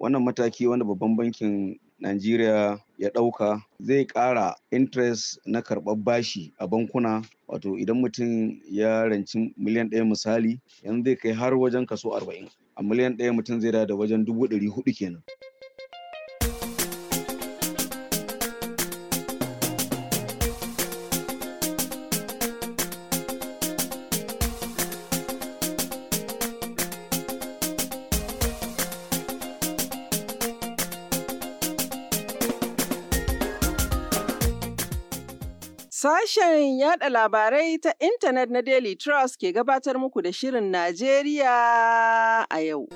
wannan mataki wanda babban bankin Najeriya ya ɗauka zai ƙara interest na karɓar bashi a bankuna wato idan mutum ya ranci miliyan ɗaya misali yanzu zai kai har wajen kaso arba'in a miliyan ɗaya mutum zai da wajen dubu ɗari hudu kenan. Sashen yada labarai ta intanet na Daily Trust ke gabatar muku da Shirin Najeriya a yau.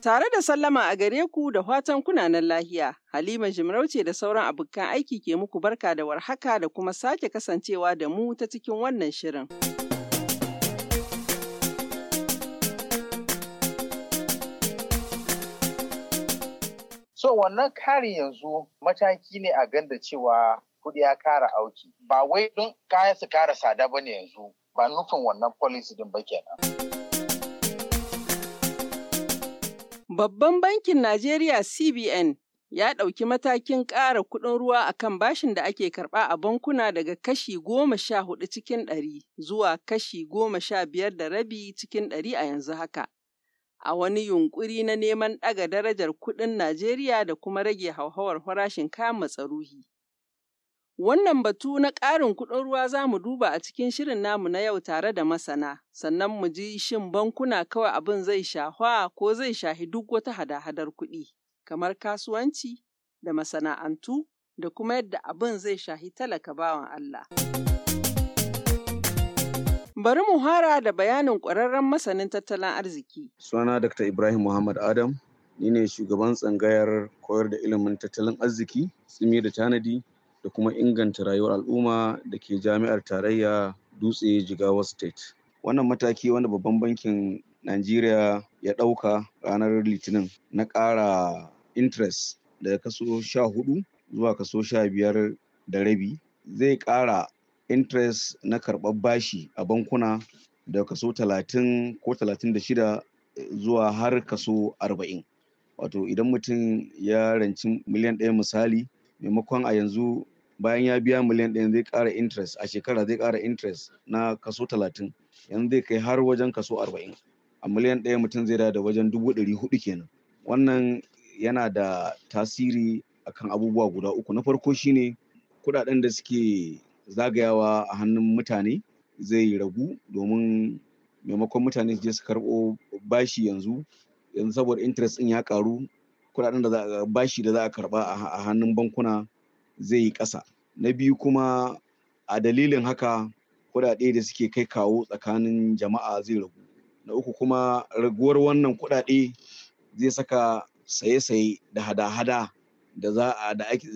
Tare da sallama a gare ku da fatan kunanan lahiya, Halima Jimarauce da sauran abokan aiki ke muku barka da warhaka da kuma sake kasancewa da mu ta cikin wannan shirin. So wannan kari yanzu mataki ne a ganda cewa kuɗi ya kara auki. Ba wai don kayan su kara sada ba ne yanzu ba nufin wannan policy din ba kenan. Babban bankin Najeriya CBN ya ɗauki matakin ƙara kuɗin ruwa a kan bashin da ake karɓa a bankuna daga kashi goma sha hudu cikin ɗari zuwa kashi goma sha biyar da rabi cikin ɗari a yanzu haka. a wani yunƙuri na neman ɗaga darajar kuɗin Najeriya da kuma rage hauhawar farashin kayan matsaruhi. Wannan batu na ƙarin kuɗin ruwa za mu duba a cikin shirin namu na yau tare da masana, sannan mu ji shin bankuna kawai abin zai shahwa ko zai shahi duk wata hada-hadar kuɗi, kamar kasuwanci da masana'antu da kuma yadda abin zai shahi talaka bawan Allah. bari mu hara da bayanin ƙwararren masanin tattalin arziki. Sunana Dr. Ibrahim Muhammad Adam, ni ne shugaban tsangayar koyar da ilimin tattalin arziki, tsimi da tanadi da kuma inganta rayuwar al'umma da ke jami'ar tarayya Dutse Jigawa State. Wannan mataki wanda babban bankin Najeriya ya ɗauka ranar Litinin na ƙara interest daga kaso sha hudu zuwa kaso sha biyar da rabi zai ƙara interest na karɓar bashi a bankuna da kaso 30 ko 36 zuwa har kaso 40 wato idan mutum ya ranci miliyan ɗaya misali maimakon a yanzu bayan ya biya miliyan ɗaya zai ƙara interest a shekara zai ƙara interest na kaso 30 yanzu zai kai har wajen kaso 40 a miliyan ɗaya mutum zai da wajen dubu ɗari hudu kenan wannan yana da tasiri akan abubuwa guda uku na farko shine kuɗaɗen da suke zagayawa a hannun mutane zai ragu domin maimakon mutane su je su karɓo bashi yanzu yanzu saboda interest ɗin ya ƙaru kuɗaɗen da za bashi da za a karɓa a hannun bankuna zai yi ƙasa na biyu kuma a dalilin haka kuɗaɗe da suke kai kawo tsakanin jama'a zai ragu na uku kuma raguwar wannan kuɗaɗe zai saka saye-saye da hada-hada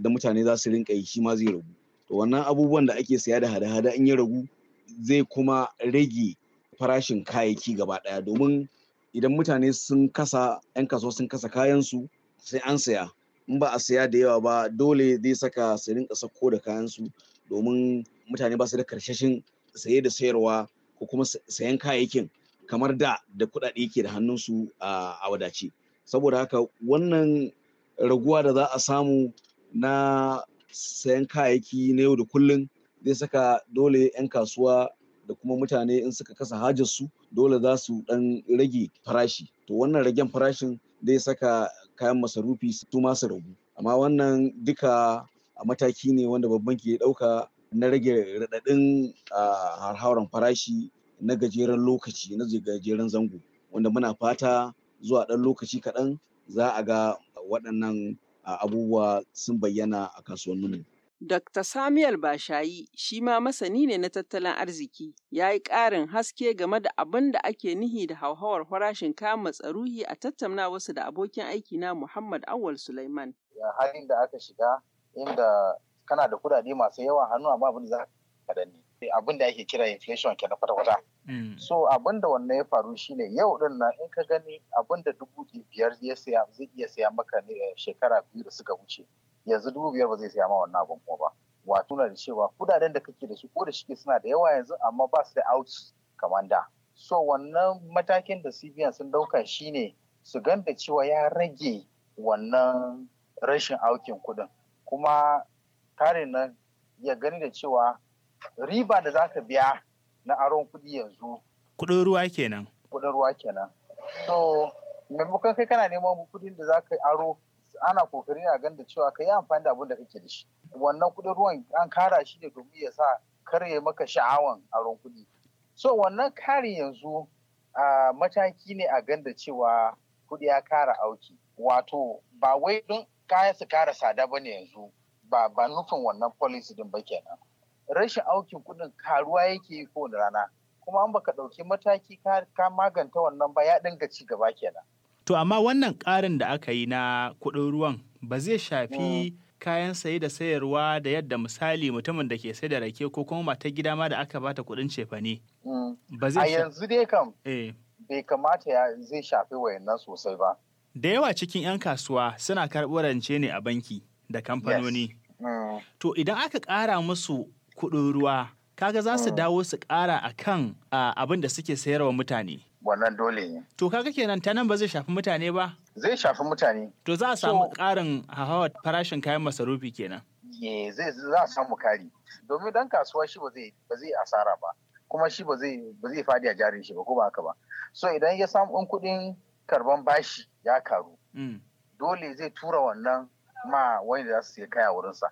da mutane za su rinka yi shi ma zai ragu to wannan abubuwan da ake saya da hada-hada in ya ragu zai kuma rage farashin kayayyaki gaba daya domin idan mutane sun kasa 'yan kaso sun kasa kayansu sai an saya in ba a saya da yawa ba dole zai saka su rinka sako da kayansu domin mutane ba su da karshashin saye da sayarwa ko kuma sayan kayayyakin kamar da da kuɗaɗe yake da hannunsu a wadace saboda haka wannan raguwa da za a samu na sayan kayayyaki na yau da kullun zai saka dole 'yan kasuwa da kuma mutane in suka kasa hajarsu dole za su dan rage farashi to wannan ragen farashin zai saka kayan masarufi su masu ragu amma wannan duka a mataki ne wanda babban ke dauka na rage raɗaɗin harhauran farashi na gajeren lokaci na gajeren zango wanda muna fata zuwa ɗan lokaci kaɗan za a ga waɗannan abubuwa sun bayyana a kasuwanninmu. Dr. Samuel Bashayi shi ma masani ne na tattalin arziki ya yi ƙarin haske game da abin da ake nihi da hauhawar farashin kayan matsaruhi a tattauna wasu da abokin aiki na Muhammad Awal Sulaiman. Ya halin da aka shiga inda kana da kudade masu yawa hannu amma abin da za ka abin da ake kira inflation ke na kwata-kwata. Mm. So abin da wannan ya faru shine yau din nan in ka gani abin da dubu biyar ya saya zai iya saya maka ne eh, shekara biyu da suka wuce yanzu dubu biyar ba zai saya ma wannan abin kuma ba. Wato na da cewa kudaden da kake da su ko da shike suna da yawa yanzu amma ba su da out kamar da. So wannan matakin da CBN sun dauka shine su ganda cewa ya rage wannan rashin aukin kuɗin? kuma tare nan ya gani da cewa riba da za ka biya na aron kuɗi yanzu. Kuɗin ruwa kenan. Kuɗin ruwa kenan. So maimakon kai kana neman kuɗin da za ka aro ana kokari na ganda cewa ka yi amfani da abin da kake da shi. Wannan kuɗin ruwan an kara shi ne domin ya sa karye maka sha'awan aron kuɗi. So wannan kari yanzu a mataki ne a ganda cewa kuɗi ya kara auki. Wato ba wai don kayan su kara sada ba ne yanzu ba ba nufin wannan policy din ba kenan. rashin aukin kuɗin karuwa yake yi kowane rana kuma an baka ɗauki mataki ka maganta wannan ba ya dinga ci gaba kenan. To amma wannan ƙarin da aka yi na kuɗin ruwan ba zai shafi hmm. kayan saye da sayarwa da yadda misali mutumin da ke sai da rake ko kuma mata gida ma da aka bata kuɗin cefane. Hmm. A yanzu dai kam. Eh. Bai kamata ya zai shafi wayannan sosai ba. Da yawa cikin 'yan kasuwa suna karɓo rance ne a banki da kamfanoni. Hmm. To idan aka ƙara musu kuɗin ruwa kaga za su mm. dawo su ƙara a kan abin da suke sayarwa mutane. Wannan dole ne. To kaga kenan ta nan ba zai shafi mutane ba? Zai shafi mutane. To za a samu ƙarin hahawar farashin kayan masarufi kenan. Ye zai za a samu kari. Domin dan kasuwa shi ba zai ba zai asara ba. Kuma shi ba zai ba zai fadi a jarin shi ba ko ba haka ba. So idan ya samu in kuɗin karban bashi ya karu. Mm. Dole zai tura wannan ma wanda za su siya kaya wurinsa.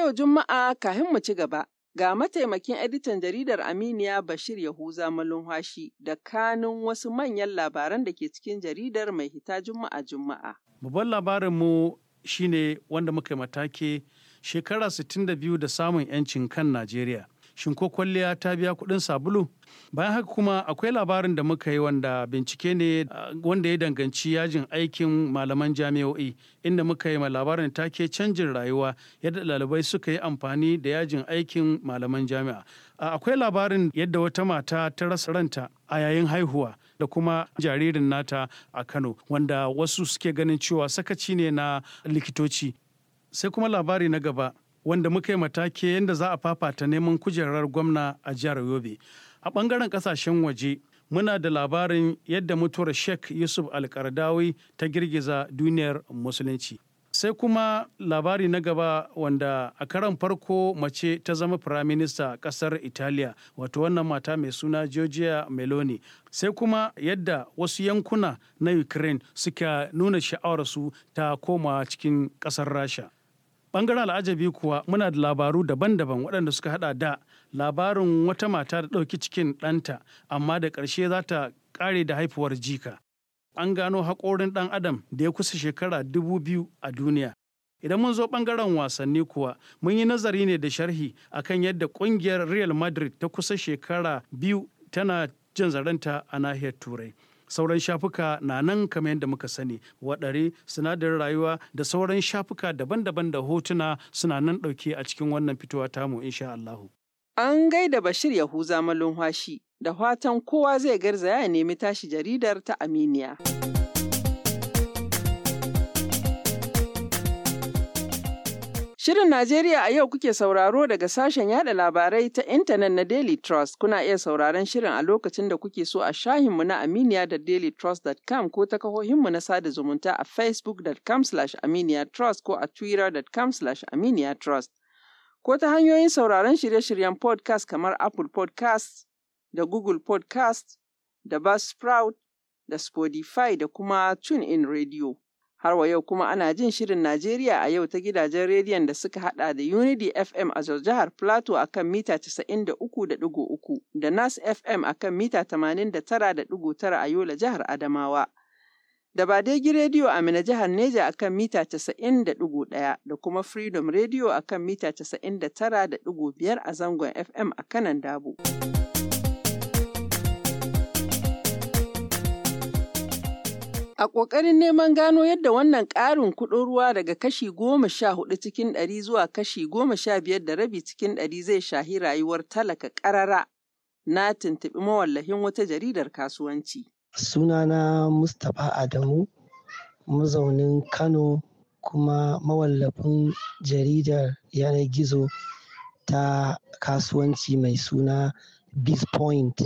yau Juma'a kafin mu ci gaba, ga mataimakin editan jaridar Aminiya Bashir Yahuza Malumhashi da kanun wasu manyan labaran da ke cikin jaridar mai hita Juma'a Juma'a. Babban labarin mu shine wanda muka yi matake shekara 62 da samun 'yancin kan Najeriya. shin ko kwalliya ta biya kuɗin sabulu bayan haka kuma akwai labarin da muka yi wanda bincike ne wanda ya danganci yajin aikin malaman jami'o'i inda muka yi labarin take canjin rayuwa yadda ɗalibai suka yi amfani da yajin aikin malaman jami'a akwai labarin yadda wata mata ta rasa ranta a yayin haihuwa da kuma jaririn nata a kano wanda wasu suke ganin cewa sakaci ne na likitoci sai kuma labari na gaba wanda muka yi matake yadda za a fafata neman kujerar gwamna a jihar Yobe. A bangaren kasashen waje, muna da labarin yadda mutuwar Sheikh Yusuf Alkardawi ta girgiza duniyar Musulunci. Sai kuma labari na gaba wanda a karan farko mace ta zama firaminista a ƙasar Italiya, wato wannan mata mai suna Georgia Meloni. Sai kuma yadda wasu yankuna na Ukraine suka nuna sha'awar su ta koma cikin kasar Rasha. bangaren al'ajabi kuwa muna da labaru daban-daban waɗanda suka hada da labarin wata mata da ɗauki cikin ɗanta amma da ƙarshe za ta ƙare da haifuwar jika an gano haƙorin ɗan adam da ya kusa shekara dubu biyu a duniya idan mun zo ɓangaren wasanni kuwa mun yi nazari ne da sharhi akan yadda ƙungiyar real madrid ta kusa shekara biyu tana jin zaranta a nahiyar turai sauran shafuka na nan kamar yadda muka sani waɗare sinadarin rayuwa da sauran shafuka daban-daban da hotuna suna nan ɗauke a cikin wannan fitowa tamu insha Allahu. An gaida Bashir Yahuza Malumhashi da fatan kowa zai garzaya ya nemi tashi jaridar ta Aminiya. Shirin Najeriya a yau kuke sauraro daga sashen yada labarai ta intanet na Daily Trust. Kuna iya sauraron shirin a lokacin da kuke so a shahinmu na Aminiya da dailytrust.com ko ta kahohinmu na sada zumunta a facebookcom aminiyatrust ko a twittercom aminiyatrust ko ta hanyoyin sauraron shirye-shiryen podcast kamar Apple Podcast da Google Podcast da Buzzsprout da Spotify da kuma TuneIn Radio. Har wa yau kuma ana jin shirin Najeriya a yau ta gidajen rediyon da suka hada da Unity FM a jihar Plateau a kan mita 93.3 da Nas FM a kan mita 89.9 a Yola jihar Adamawa. Da Badegi rediyo a Mina jihar Neja a kan mita 90.1 da kuma Freedom Radio a kan mita 99.5 a zangon FM a kanan Dabo. A ƙoƙarin neman gano yadda wannan ƙarin kuɗin ruwa daga kashi goma sha hudu cikin ɗari zuwa kashi goma sha biyar da rabi cikin ɗari zai shahi rayuwar talaka ƙarara, na tuntuɓi mawallafin wata jaridar kasuwanci. Sunana Mustapha Adamu, mazaunin Kano kuma mawallafin jaridar yanar gizo ta kasuwanci mai suna Bizpoint.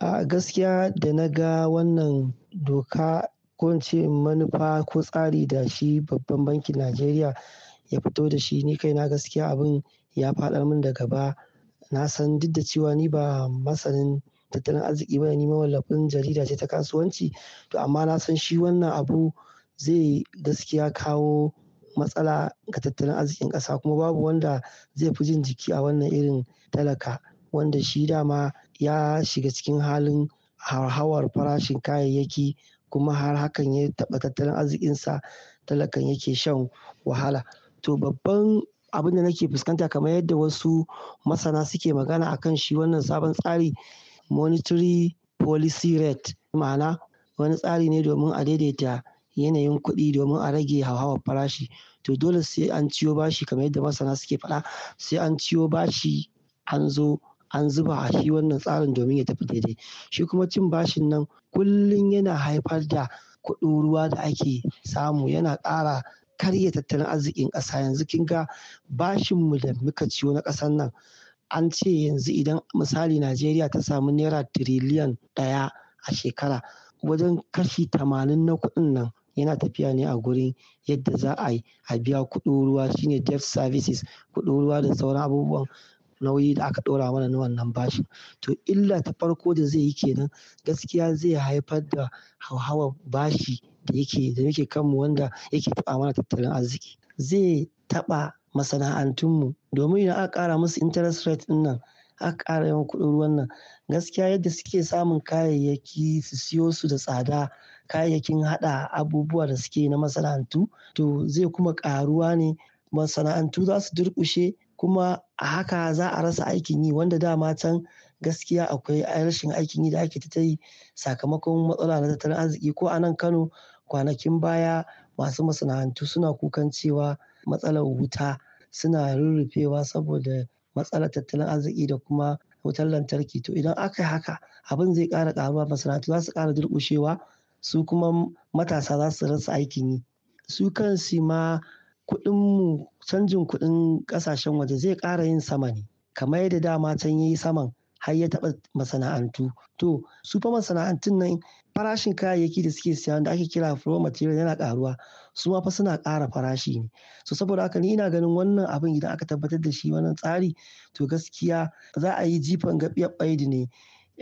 A gaskiya da na ga wannan doka ko in ce manufa ko tsari da shi babban bankin najeriya ya fito da shi ni kaina gaskiya abin ya faɗar min da gaba na san duk da cewa ni ba masanin tattalin arziki ba ni mawallafin jarida ce ta kasuwanci to amma na san shi wannan abu zai gaskiya kawo matsala ga tattalin arzikin ƙasa kuma babu wanda zai fi jin jiki a wannan irin talaka wanda shi dama ya shiga cikin halin hauhawar farashin kayayyaki kuma har hakan ya taɓa tattalin arzikinsa talakan yake shan wahala to babban abin da nake fuskanta kamar yadda wasu masana suke magana akan shi wannan sabon tsari monetary policy rate ma'ana wani tsari ne domin a daidaita yanayin kuɗi domin a rage hauhawar farashi to dole sai an ciyo bashi kamar yadda masana suke faɗa sai an ciyo bashi an zo an zuba a shi wannan tsarin domin ya tafi daidai shi kuma cin bashin nan kullum yana haifar da kuɗin ruwa da ake samu yana ƙara karya tattalin arzikin ƙasa yanzu kin ga mu da muka ciwo na ƙasar nan an ce yanzu idan misali najeriya ta samu naira tiriliyan ɗaya a shekara wajen kashi tamanin na kuɗin nan yana tafiya ne a gurin yadda za a yi a biya kuɗin ruwa shine debt services kuɗin ruwa da sauran abubuwan nauyi da aka ɗora mana na wannan bashi to illa ta farko da zai yi kenan gaskiya zai haifar da hauhawar bashi da yake da yake kanmu wanda yake taɓa mana tattalin arziki zai taɓa masana'antunmu domin idan aka ƙara musu interest rate ɗin nan aka ƙara yawan kuɗin ruwan nan gaskiya yadda suke samun kayayyaki su siyo su da tsada kayayyakin haɗa abubuwa da suke na masana'antu to zai kuma ƙaruwa ne masana'antu za su durƙushe kuma a haka za a rasa aikin yi wanda dama can gaskiya akwai rashin aikin yi da ake ta yi sakamakon matsala na tattalin arziki ko a nan kano kwanakin baya masu masana'antu suna kukan cewa matsalar wuta suna rurrufewa saboda matsalar tattalin arziki da kuma wutar lantarki to idan aka yi haka abin zai kara karuwa masana'antu za su kara durkushewa su kuma matasa za su rasa aikin yi su kansu ma kuɗin mu canjin kuɗin kasashen waje zai ƙara yin sama ne kamar yadda dama can yayi saman har ya taɓa masana'antu to su fa masana'antun nan farashin kayayyaki da suke siya da ake kira raw material yana ƙaruwa su ma fa suna ƙara farashi ne so saboda haka ni ina ganin wannan abin idan aka tabbatar da shi wannan tsari to gaskiya za a yi jifan gabiyar baidi ne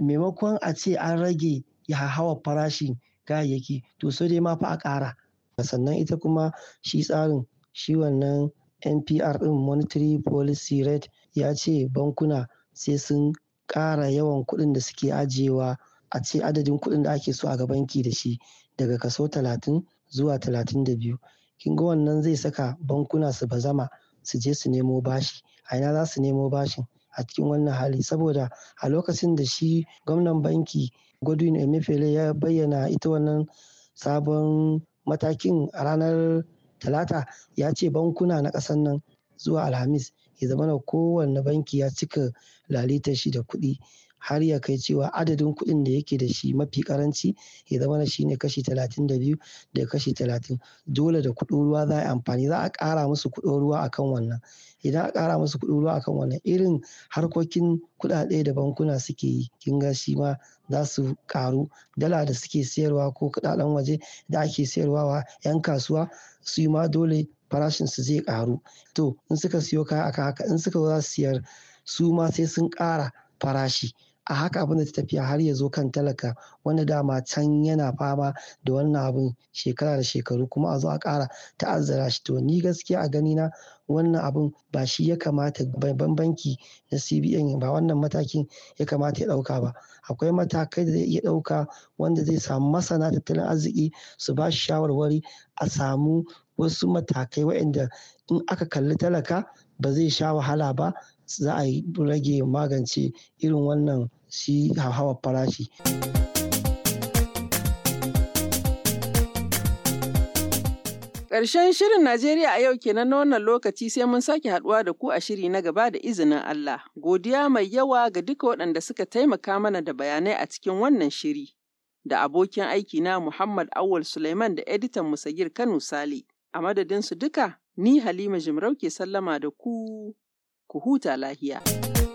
maimakon a ce an rage ya hawa farashin kayayyaki to sai dai ma fa a ƙara sannan ita kuma shi tsarin shi wannan npr ɗin monetary policy rate ya ce bankuna sai sun ƙara yawan kuɗin da suke ajiyewa a ce adadin kuɗin da ake so a ga banki da shi daga kaso 30 zuwa 32 kin ga wannan zai saka bankuna su bazama su je su nemo bashi a ina za su nemo bashin a cikin wannan hali saboda a lokacin da shi gwamnan banki godwin emefiele ya bayyana ita wannan sabon matakin a ranar talata ya ce bankuna na ƙasar nan zuwa alhamis ya zama na kowanne banki ya cika lalitar shi da kuɗi har ya kai cewa adadin kuɗin da yake da shi mafi karanci ya zama na shine kashi talatin da biyu da kashi talatin dole da kuɗin ruwa za a amfani za a ƙara musu kuɗin ruwa akan wannan idan a ƙara musu kuɗin ruwa akan wannan irin harkokin kuɗaɗe da bankuna suke yi kin ga shi ma za su ƙaru dala da suke sayarwa ko kuɗaɗen waje da ake sayarwa wa 'yan kasuwa su ma dole farashinsu zai karu to in suka siyo kaya akan haka in suka za su siyar su ma sai sun ƙara farashi a haka abin da ta tafiya har ya zo kan talaka wanda dama can yana fama da wannan abin shekara da shekaru kuma a zo a ƙara ta'azzara shi to ni gaskiya a gani na wannan abin ba shi ya kamata babban banki na cbn ba wannan matakin ya kamata ya ɗauka ba akwai matakai da zai iya ɗauka wanda zai samu masana tattalin arziki su ba shi shawarwari a samu wasu matakai waɗanda in aka kalli talaka ba zai sha wahala ba za a rage magance irin wannan shi hawa farashi. Ƙarshen shirin Najeriya a yau kenan na wannan lokaci sai mun sake haduwa da ku a shiri na gaba da izinin Allah. Godiya mai yawa ga duka waɗanda suka taimaka mana da bayanai a cikin wannan shiri. Da abokin aiki na Muhammad Awul Suleiman da editan Musagir Kano Sale. A madadinsu duka, ni Halima Jimarau ke sallama da ku ku huta lahiya.